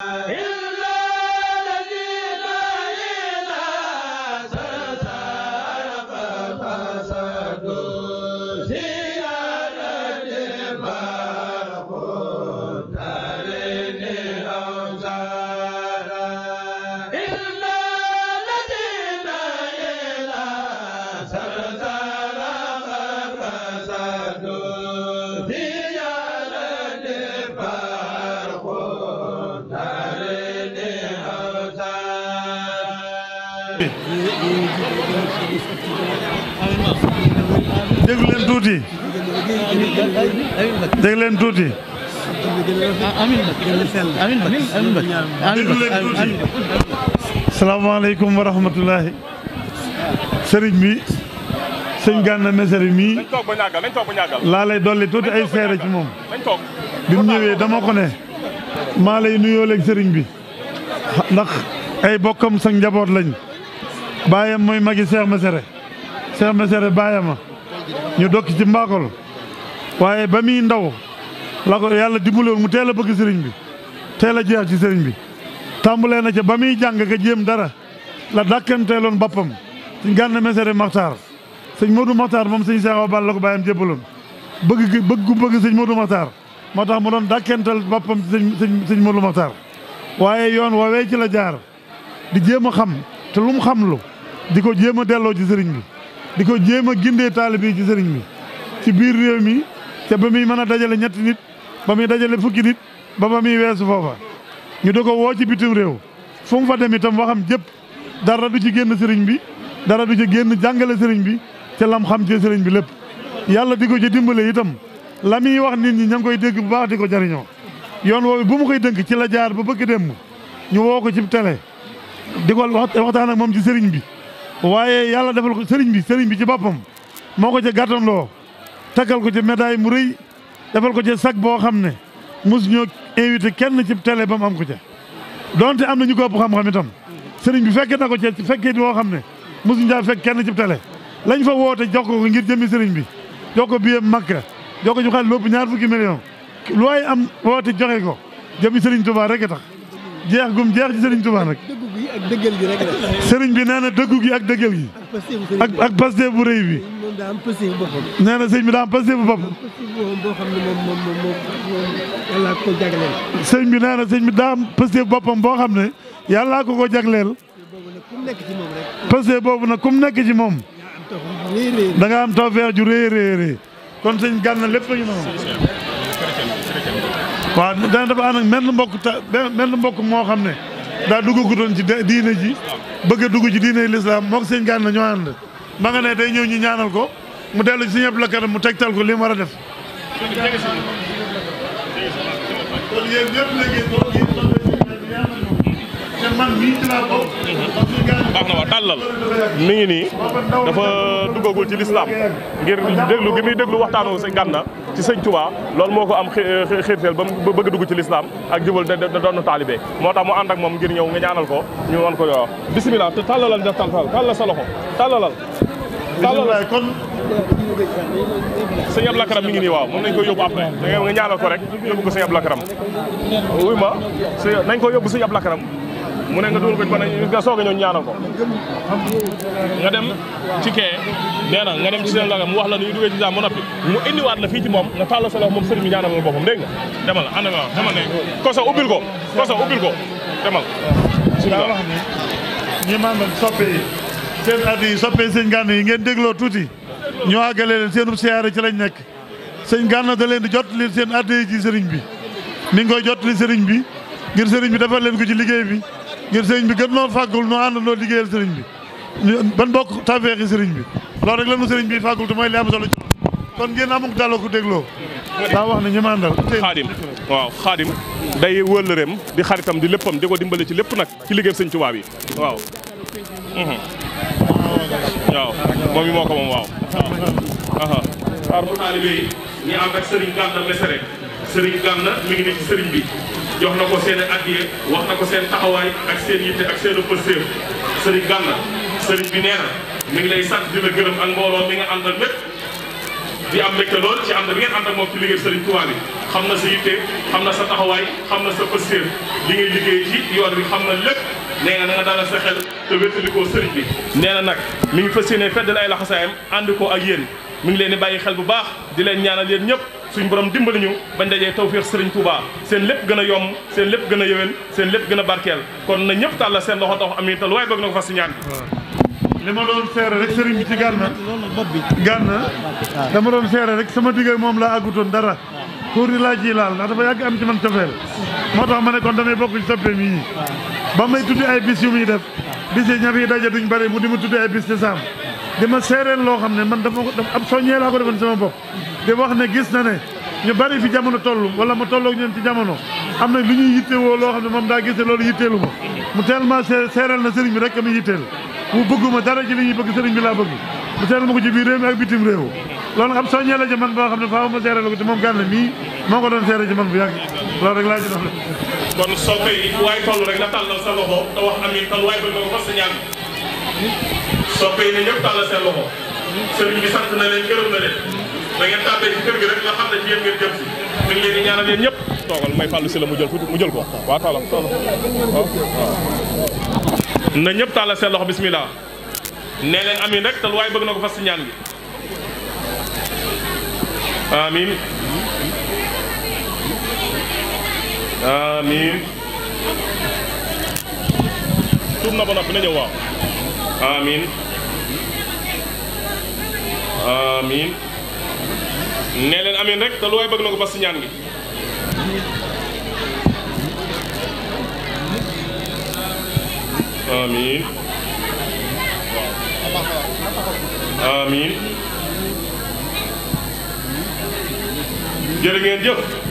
Yeah. bi dégg leen tuuti dégg leen tuuti salaamaaleykum wa rahmatulahi sëriñ bi sëñ Gana Messere mii laa lay ay seere ci moom bi ñëwee dama ko ne maa lay sëriñ bi ndax ay bokkam sa njaboot lañ baayam mooy magi Cheikh Mesere Cheikh Mesere baayama ñu dokk ci mbaakol waaye ba muy ndaw la ko yàlla dimbali woon mu teel a bëgg sëriñ bi teel a jeex ci sëriñ bi tàmbalee na ca ba muy jàng ka jéem dara la dàkkanteeloon boppam suñ gànn Mesere Maxtaar sëñ Modou Maxtaar moom sëñ Cheikh Obal la ko baayam jébbaloon bëgg bëggu bëgg sëñ Modou Maxtaar moo tax mu doon dàkkantal boppam sëñ sëñ sëñ Modou Maxtaar waaye yoon woowee ci la jaar di jéem a xam te lu mu di ko jéem a delloo ci sëriñ bi di ko jéem a gindee taalibe yi ci sëriñ bi ci biir réew mi te ba muy mën a dajale ñetti nit ba muy dajale fukki nit ba ba muy weesu foofa ñu di ko woo ci bitim réew fu mu fa dem itam waxam jëpp dara du ci génn sëriñ bi dara du ci génn jàngale sëriñ bi te lam xam ci sëriñ bi lépp yàlla di ko ci dimbale itam la muy wax nit ñi ña ngi koy dégg bu baax di ko jariñoo yoon woowu bu mu koy dënk ci la jaar ba bëgg dem ñu woo ko ci télé di ko waxtaan moom ci sëriñ bi waaye yàlla defal ko sëriñ bi sëriñ bi ci boppam moo ko ca gàttandoo takkal ko ci médaille mu rëy defal ko ci sac boo xam ne mos ñoo invité kenn ci télé ba mu am ko ca donte am na ñu ko ëpp xam-xam itam sëriñ bi fekke na ko ca fekkee boo xam ne mos ñu daa fekk kenn ci télé lañ fa woote jox ko ngir jëmmi sëriñ bi jox ko biyee Makka jox ko ñu xal lépp ñaar fukki million looy am woote joxe ko jëmmi sëriñ Touba rek a tax jeex gum jeex ci sëriñ gi gi rek la. sëriñ bi nee na dëggu gi ak dëggal gi. ak ak pasteef bu rëy bi. daa am pasteef bu boppam. sëriñ bi daa am bu boppam. boo xam ne moom moom moom yàllaa ko jagleel. sëriñ bi na sëriñ bi daa am pasteef boppam boo ko ko jagleel. boobu nag ku nekk ci moom. da am tawfeex ju rëy rëy kon sëñ Gana lépp ñu noonu. waaw dana dafa ànd ak mel mbokk ta mel mbokk moo xam ne. daa doon ci diine ji bëgg a dugg ci diine lislaam moog sëñ Gana ñoo ànd ba nga ne day ñëw ñu ñaanal ko mu dellu ci sëñ Abdou Lakhat mu tegtal ko li mu war a def kon yéen ñëpp léegi laa bokk baax na waa tàllal mi nii dafa duggagul ci lislaam ngir déglu gi muy déglu waxtaanu sëñ Gana ci sëñ Touba loolu moo ko am euh, xiirteel ba mu bëgg dugg ci lislaam ak jubal da doon taalibe moo tax mu ànd ak moom ngir ñëw nga ñaanal ko ñu won ko yoo bisimilah te tàllalal def tàllal tàllal sa loxo tàllalal tàllalal kon sëñ Abdou mi ngi nii waaw moom nañ ko yóbbu après da nga ñaanal ko rek yóbbu ko sëñ Abdou Lakram wuy ma nañ ko yóbbu sëñ Abdou Lakram mu ne nga dugal ko ci bana nga soog a ñëw ñaanal ko nga dem ci kee nee na nga dem ci seen lagam mu wax la nuy duggee ci islam mu noppi mu indiwaat la fii ci moom nga tàllal sa loxo moom sëriñ bi ñaanal la boppam dégg demal ànd nga demal ubbil ko kosa ubbil ko demal daa wax ni ñi maanaam soppe yi seen at yi soppe sëñ Gana yi ngeen dégloo tuuti ñu àggale leen seenub siyaare ci lañ nekk sëñ Gana da leen di jot leen seen at yi ci sëriñ bi ni nga koy jot bi ngir sëriñ bi defal leen ko liggéey bi ngir sëriñ bi gën noo fàggul noo àndandoo liggéeyal sëriñ bi ban bokk tawfeexi sëriñ bi loolu rek la nu sëriñ bi fàggul te mooy li am solo ci kon ngeen amuk daloo ko dégloo daa wax ne ñi ma àndal xaadim waaw xaadim di xaritam di léppam di ci lépp nag ci liggéey sëñ Tuubaa bi waaw waaw moom yi moo ko moom ànd ak sëriñ Gana Messere sëriñ Gana mi ngi ne ci sëriñ bi jox na ko seen i addiye wax na ko seen taxawaay ak seen yitte ak seen pëstéer sëriñ Gana sëriñ bi nee na ngi lay sant di la gërëm ak mbooloo mi nga àndal lépp di am mbégte lool ci ànd bi ngeen ànd ak moom ci liggéey sëriñ Tuubaa bi xam na sa yitte xam na sa taxawaay xam na sa pëstéer li ngay liggéey ci yoon bi xam na lépp nee na na nga dalal sa xel te wéttalikoo sëriñ bi nee na nag mu ngi fas yéene feddal ay laxasaayam ànd ko ak yéen mi ngi leen di bàyyi xel bu baax di leen ñaanal yéen ñëpp suñ borom dimbali ñu bañ dajee tawféex sëriñ Touba seen lépp gën a yomb seen lépp gën a yëwén seen lépp gën a barkeel kon na ñëpp tàllal seen loxo tax amiin tal waaye bëgg na ko fas si ñaan li ma doon seere rek sëriñ sama digg moom laa àggutoon dara pour di laa ji laal ndax dafa yàgg am ci man cofeel moo tax ma ne kon damay bokk ci soppeem yi ba may tuddi ay bis yu muy def bis yi daje duñ bëri mu di ma tuddi ay bis te saam di ma seereel loo xam ne man dama ab soññee laa ko defoon sama bopp di wax ne gis na ne ñu bari fi jamono toll wala ma tolloog ñoom ci jamono am na lu ñuy woo loo xam ne moom daa gis ne loolu yitteelu ma mu tellement seeral na sëriñ bi rek mi yitteel mu bëgguma dara ci li ñuy bëgg sëriñ bi laa bëgg mu seeral ma ko ci biir réew mi ak bitim réew loolu ab soññee la ci boo xam ne faaw ma seeral ko te moom gànn mii moo ko doon seeral ci man bu yàgg loolu rek laa ci dox kon soo koy waay toll rek nga tàllal sa loxo te wax amiin kon waay ko nga ko fas sa ñaan da ngeen tàbbee ci kër gi rek nga xam ne ci toogal may fàllu si mu jël tuuti mu jël ko waaw toogal toogal seen loxo bismillah nee leen amin rek te waay bëgg na ko fas ñaan gi amin amin ne leen amiin rek te lu waay bëgg na si ñaan gi amiin amiin jërë ngeen jëf